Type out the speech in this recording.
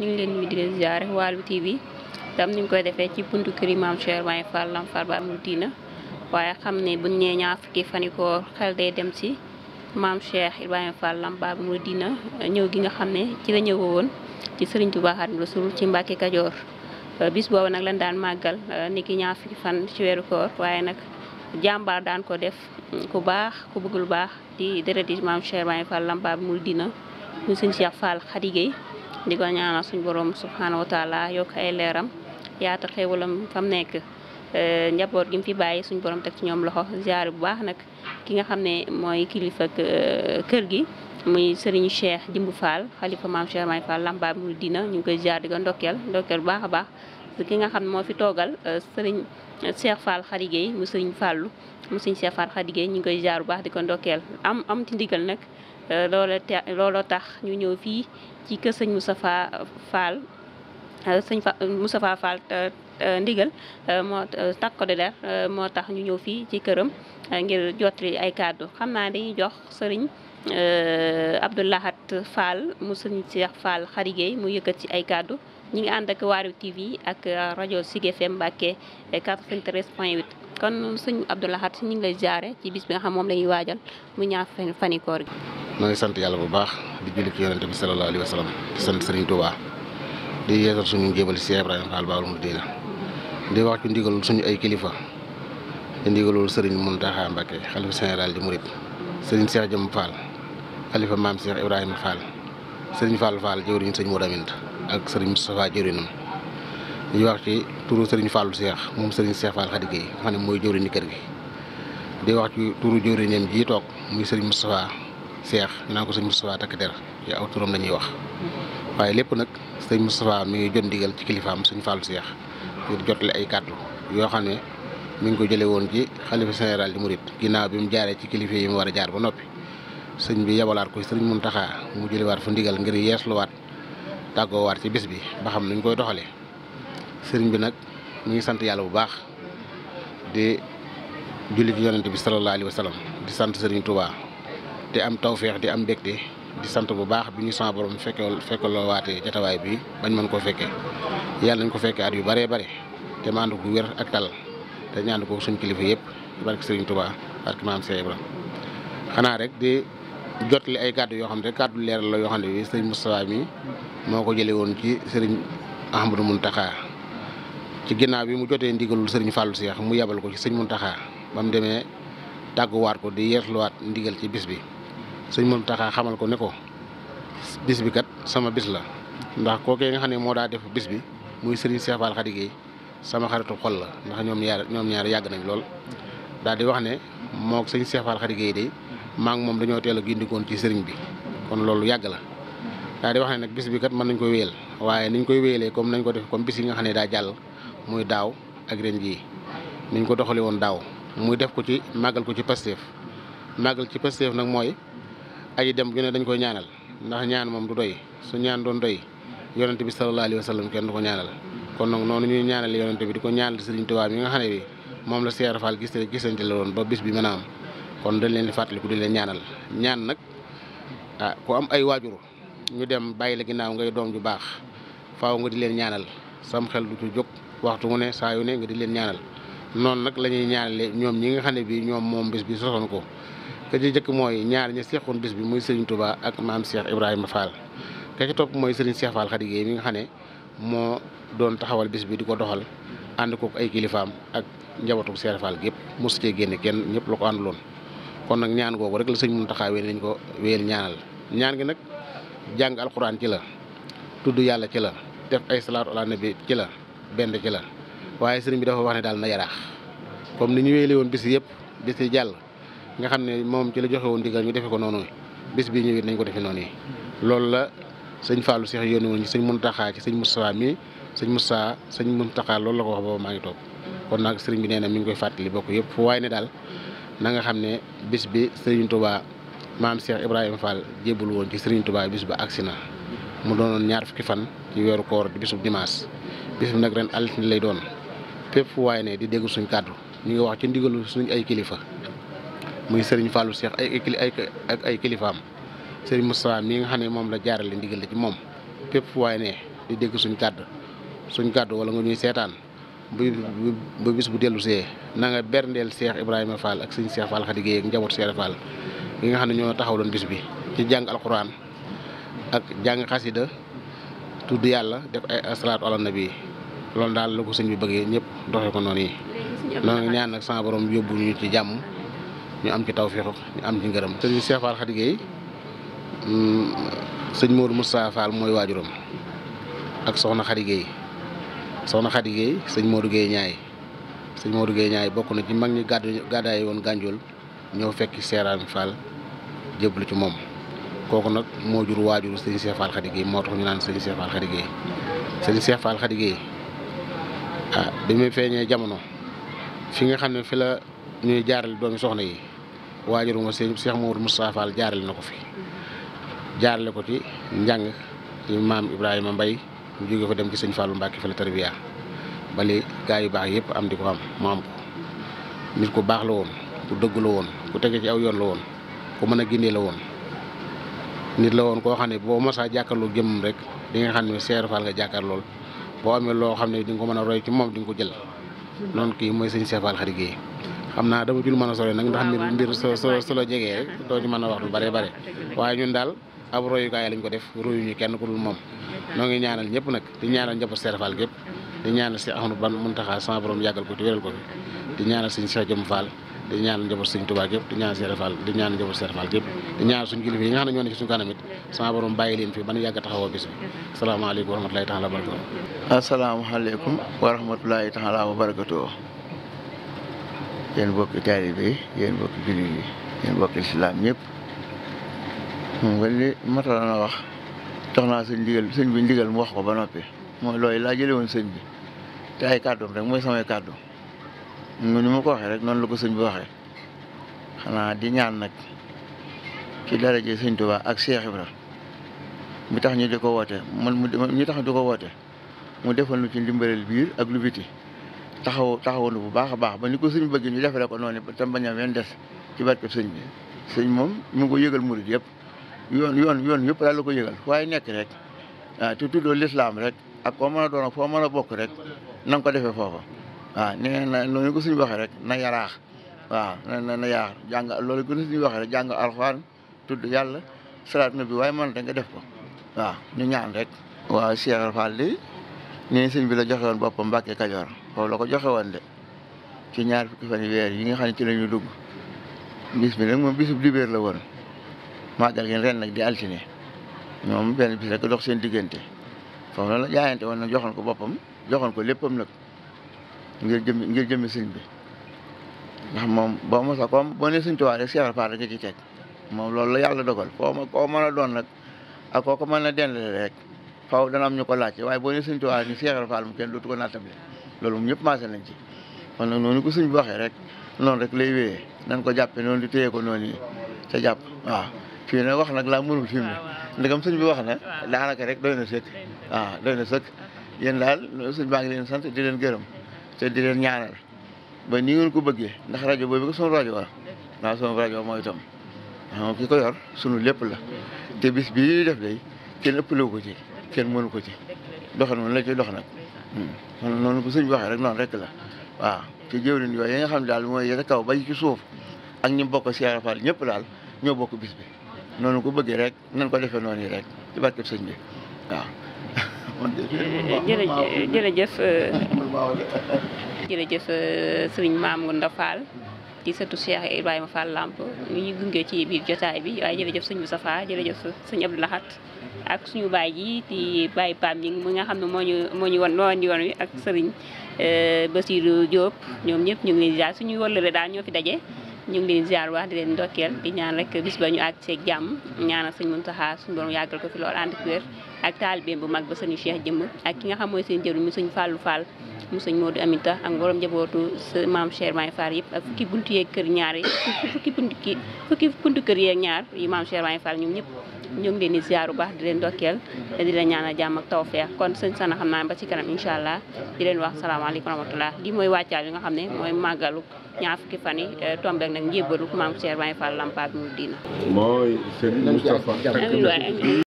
ñu ngi leen nuyu di ziaré walu TV tam ni ñu koy défé ci buntu kër Maam Cheikh may Fall lam farba Baabul waye xamné bu ne buñ nee ñaar fukki fan yi xel dé dem si Maam Cheikh ibrahim Fall lam Fall Baabul ñew gi nga xamné ci la ñëw woon ci Serigne Touba Xaadimu Rasuul ci mbacké kadior bis boobu nak lan daan magal niki ñaar fukki fan ci weeru koor waye nak jambar daan ko def ku baax ku bëggul baax di deret di Maam Cheikh may Fall lam Baabul Diina mu sëñ Cheikh Fall Khady Gueye di ko ñaanal suñ borom subhaanahu wa yokk ay leeram yaata xéewalam fam nekk eh, njaboot gi mu fi bàyyi suñ borom teg ci ñoom loxo ziare bu baax nag ki nga xam ne mooy kilifa eh, kër gi muy Serigne Cheikh Jimbu Fall xalifa maam Cheikh May Fall Lamba dina ñu koy ziar di ko ndokkeel ndokkeel bu baax a baax ki nga xam moo fi toogal eh, Serigne Cheikh Fall Xadigéey mu Serigne Fallu mu Serigne Cheikh Fall Xadigéey ñu ngi koy ziar bu baax di ko ndokkeel am am ci ndigal nag lolo tax ñu ñëw fi ci ke seigne Moustapha Fall euh, seigne Moustapha Fall euh, euh, ndigal mo takko de der mo tax ñu ñëw fi ci kërëm ngir jotri ay kàddu xam naa dañuy jox abdullah hat Fall mu sëriñ Cheikh Fall xarigéey mu yëkkat ci ay cadeau ñi ngi and ak waaru TV ak radio Sig FM Mbàkke 93.8 kon sëñ Abdoulahat ñu ngi lay jaare ci bis bi nga xam mom lañuy wajal mu ñaar fani koor gi noo sant yàlla bu baax di julli ci yonente bi sallallahu alayhi wa sallam di sant Serigne Touba di yeesal suñu njébal si Ibrahima Fall Baabul Muridiina di wax ci ndigalul suñu ay kilifa di ndigalul Serigne Mountakha Mbacké xalifa général di Mouride Serigne Cheikh Jëm Fall xalifa maam Cheikh Ibrahima Fall Serigne Fall Fall jëwriñ sëñ Modou Amine ak sëriñ Moustapha jëwriñam di wax ci turu Serigne Fallou Cheikh moom Serigne Cheikh Fall Khady Gueye xam ne mooy jëwriñu kër gi di wax ci turu jëwriñam seex naa ko sëñ Moustapha takk der ya aw turam la ñuy wax waaye lépp nag sëñ Moustapha mi ngi jot ndigal ci kilifaam sëñ Fallou Seex ngir jotale ay kàddu yoo xam ne mu ngi ko jële woon ci xalifa général di murit ginnaaw bi mu jaaree ci kilifa yi mu war a jaar ba noppi sëñ bi yabalaat ko sëriñ Muntaxa mu jëliwaat fa ndigal ngir tàggoo waat ci bis bi ba xam nuñ koy doxalee sëriñ bi nag mi ngi sant yàlla bu baax di julli ci yonent bi sallallahu alayhi wa sallam te am tawféex di am mbégte di sant bu baax bi ñu sama borom fekkee fekkaloo waatee jatawaay bi bañ man koo fekkee yàlla nañ ko fekkee at yu bëree bëri te maandu gu wér ak tal te ñaandu ko suñ kilifa yëpp barke sëriñ Touba barke ma Cheikh Ibrahima xanaa rek di jotli ay kàddu yoo xam ne kàddu leeral la yoo xam ne bi Serigne Moustapha mi moo ko jëlee woon ci sëriñ Serigne Ahmadou taxaa ci ginnaaw bi mu jotee ndigalul Serigne Fallou Cheikh mu yebal ko ci Serigne Mountakha ba mu demee tàgguwaat ko di yeesluwaat ndigal ci bis bi sëñ Muntaxa xamal ko ne ko bis bi kat sama bis la ndax kookee nga xam ne moo daa def bis bi muy Serigne Cheikh Fall Khady xaritu xol la ndax ñoom ñaar ñoom ñaar yàgg nañ lool daal di wax ne moo sëñ Cheikh Fall Khady Gueye de maa ngi moom dañoo teel a gindikoon ci sëriñ bi kon loolu yàgg la daal di wax ne nag bis bi kat mën nañ koy wéyal waaye niñ koy wéyalee comme nañ ko def comme bis yi nga xam ne daa jàll muy daaw ak ren jii niñ ko doxalee woon daaw muy def ko ci màggal ko ci Pastef màggal ci Pastef nag mooy aji dem ju ne dañ koy ñaanal ndax ñaan moom du doy su ñaan doon doy yonente bi sallallahu alayhi wa sallam kenn du ko ñaanal kon nag noonu ñuy ñaanal yonente bi di ko ñaanal Serigne Touba mi nga xam ne moom la Cheikh Fall gis gisante la woon ba bis bi a am kon dañ leen di fàttaliku di leen ñaanal ñaan nag ah ku am ay ñu dem bàyyi la ginnaaw ngay doom ju baax faaw nga di leen ñaanal sam xel du ci jóg waxtu mu ne saa yu ne nga di leen ñaanal noonu nag la ñuy ñaanale ñoom ñi nga xam ne bii ñoom moom bis bi sosoon ko ka ci jëkk mooy ñaar ñi seqoon bis bi muy Serigne tubaa ak maam Cheikh Ibrahima Fall ka topp mooy Serigne Cheikh Fall Khady Gueye mi nga xam ne moo doon taxawal bis bi di ko doxal ànd kook ay kilifaam ak njabootu Cheikh Fall gépp mosu cee génne kenn ñëpp la ko ànduloon kon nag ñaan googu rek la sëñ Mountakha wéel nañ ko wéel ñaanal ñaan gi nag jàng alxuraan ci la tudd yàlla ci la def ay salaatu ala nabi ci la benn ci la waaye sëriñ bi dafa wax daal na yaraax comme ni ñu wéele woon bis yëpp bis yi nga xam ne moom ci la joxewoon woon ndigal ñu defe ko noonu bis bii ñëwee nañ ko defe noonu loolu la sëñ Fallou Cheikh yónni woon ci sëñ Mountakha ci sëñ Moustapha mi sëñ Moustapha sëñ Mountakha loolu la ko wax boobu maa ngi toog kon nag sëriñ bi nee na mi ngi koy fàttali bokk yëpp fu waaye ne daal na nga xam ne bis bi sëriñ tubaa maam Cheikh Ibrahima Fall jébul woon ci sëriñ tubaa bis ba agsi na mu doonoon ñaar fukki fan ci weeru koor di bisub dimaas bis bi nag ren altine lay doon fépp fu waaye ne di dégg suñ kàddu ñu ngi wax ci ndigalu suñ ay kilifa muy Serigne Fallou Cheikh ay ay ak ay kilifaam Serigne moussa mi nga xam mom la jaarale ndigal ci mom fépp fu ne di dégg suñu kàddu suñu kàddu wala nga ñuy seetaan bu bu bis bu delu sé na nga berndel Cheikh Ibrahima Fall ak serigne Cheikh Fall khadige ak njabot Cheikh Fall yi nga xam ñoo taxaw doon bis bi ci jang alquran ak jang xasida tudd yalla def ay asalaatu ala nabi lol daal la ko sëñ bi bëggee ñëpp doxé ko noonu yi. ñoo ñaan nak sama borom yobbu ñu ci jamm ñu am ci tawféex ñu am ci ngërëm. sëñ Cheikh Fall Khady Gueye mm, sëñ Modou Moustapha mooy waajuram ak Soxna Khady Gueye Soxna Khady Gueye sëñ Modou ñaay sëñ Modou Gueye ñaay bokk na ci mag ñi gàddu gàddaay woon Gànjool ñëw fekki Seeraan Fall jébbalu ci moom. kooku nag moo jur waajuru sëñ Cheikh Fall Khady moo tax ñu naan sëñ Cheikh Fall Khady sëñ Cheikh Fall Khady Gueye ah, bi muy feeñee jamono fi nga xam ne fi la ñuy jaarale doomi soxna yi waajaruma ma sëñ Cheikh Mamadou Moustapha Fall jaarale na ko fi jaarale ko ci njàng ci maam Ibrahima Mbaye mu jóge fa dem ci sëñ Fallou Mbacke fa la tarbiya bali gaa yu baax yëpp am di ko am mu am ko nit ku baax la woon ku dëgg la woon ku tege ci aw yoon la woon ku mën a gindee la woon nit la woon koo xam ne boo mosaa jàkkaarloo jëmmam rek di nga xam ne Cheikh Fall nga jàkkaar lool boo amee loo xam ne di nga ko mën a roy ci moom di nga ko jël noonu kii mooy sëñ Cheikh Fall Khary am na dama ci lu mën a sori nag ndax mbir mbir so so la jegee doo ci mën a wax lu bare bare waaye ñun daal ab royukaay lañ ko def royuñu kenn ko dul moom noo ngi ñaanal ñëpp nag di ñaanal njaboot serfal gépp di ñaanal si Ahmadou Ban Muntaxa sama borom yàggal ko ci wéral ko fi di ñaanal suñu Cheikh Jom Fall di ñaanal njaboot suñ Tuubaa gépp di ñaanal serfal di ñaanal njaboot gépp di ñaanal suñu kilifa yi nga xam ne ñoo ne ci suñu kanam it sama borom bàyyi leen fi ban yàgg taxawoo bis bi asalaamaaleykum wa rahmatulahi taala wa barakatu asalaamaaleykum wa rahmatulahi taala wa barakatu yéen bokki taalibe yi yéen bokki jullit yi yéen bokki lislaam ñëpp moom nga li matala wax tax naa sëñ ndigal sëñ bi ndigal mu wax ko ba noppi mooy looy laa jële woon sëñ bi te ay kàddoom rek mooy samay kàddu mu ni ma ko waxee rek noonu la ko sëñ bi waxee xanaa di ñaan nag ci daraje sëñ Tuubaa ak Cheikh Ibra mi tax ñu di ko woote man mi tax ñu di ko woote mu defal nu ci ndimbalal biir ak lu biti taxaw taxawunu bu baax a baax ba ni ko sëñ bëgg ñu defale ko noonu ba tam a wen des ci barke sëñ bi sëñ moom mu ngi ko yëgal murid yëpp yoon yoon yoon yëpp daal la ko yëgal waaye nekk rek waaw te tuddoo lislaam rek ak ko mën a doon foo mën a bokk rek na nga ko defee foofa waaw nee na loolu ko suñu waxee rek na yaraax waaw na na yaax jàng loolu ko suñu waxe rek jàng alxuraan tudd yàlla salaat na bi waaye man na nga def ko waaw ñu ñaan rek waaw Cheikh Fall nee sëñ bi la joxe boppam boppam Mbàkke Kajoor foofu la ko joxe woon de ci ñaar fukki fan weer yi nga xam ne ci la ñu dugg bis bi nag moom bisub dibéer la woon màggal gi ren nag di altine ñoom benn bis rek dox seen diggante foofu la jaayante woon na joxoon ko boppam joxoon ko léppam nag ngir jëmmi ngir jëmmi sëñ bi ndax moom boo mos a koom boo ne sëñ Tuubaa rek Cheikh Fall rek ci teg moom loolu la yàlla dogal koo ma koo mën a doon nag ak koo ko mën a dendale rek. faw dana am ñu ko laajte waaye boo ne sëñ Tuubaa ni Seex Ibra Faal mu kenn ko naatable loolu moom ñëpp maase nañ ci kon nag noonu ko suñ bi waxee rek noonu rek lay wéyee nañ ko jàppe noonu di téye ko noonu yi jàpp waaw fii nag wax nag laa mënul fi mu ndegam sëñ bi wax na daanaka rek doy na sëkk waaw doy na sëkk yéen daal sëñ baa ngi leen sant di leen gërëm te di leen ñaanal ba ni ngeen ko bëggee ndax rajo boobu ko sunu rajo wa waaw sunu rajo ko yor sunu lépp la te bis bii def day kenn ëppale ko ci kenn mënu ko ci doxal moom la ci dox nag hmm. kon noonu bu sëñ bi waxee rek noonu rek la waaw te jëwriñ yooyu ya nga xam daal mooy yeta kaw bay ci suuf ak ñi bokk Cheikh Fall ñëpp daal ñoo bokk bis bi noonu ko bëggee rek nañ ko defee noonu yi rek ci barkeb sëñ bi waaw jërëjëf jërëjëf sëriñ Maam Ngounda Fall ci sëtu Cheikh Ibrahima Fall Lamp ñu ngi gunge ci biir jotaay bi waaye jërëjëf sëñ Moustapha jërëjëf sëñ Abdou Lahat ak suñu bay yi di bay pam yi nga xamne moñu moñu ñu moo ñu won moo ñu won ak sëriñ euh, Basirou Diop ñom ñep ñu ngi leen ziar suñu wëllëre da ñofi dajé ñu ngi ziar wax di len ndokkeel di ñaan rek bis ba ñu ci seeg jàmm ñaanal serigne muntaha suñu borom yàggal ko fi lool and ak wér ak taalibeem bu mag ba serigne Cheikh jëmm ak ki nga xam moy serigne jëru mi serigne Fallou Fall mu serigne Modou Aminta ak borom jabootu sa maam Cheikh may far yep ak fukki buntu yeeg keur ñaar yi fukki buntu ki fukki buntu keur yeeg ñaar yi mam Cheikh may far ñom ñep ñu ngi leen di ziar bu baax di leen dokkeel te di leen ñaanal jàmm ak tawfeex kon sëñ na xam naa ba ci kanam incha allah di leen wax salaamaaleykum wa rahmatulah lii mooy wàccaal yi nga xam ne mooy màggalu ñaa fukki fa yi eh, tombe nag njébbalu maam Cheikh Baye Fall Lampa bi mu diina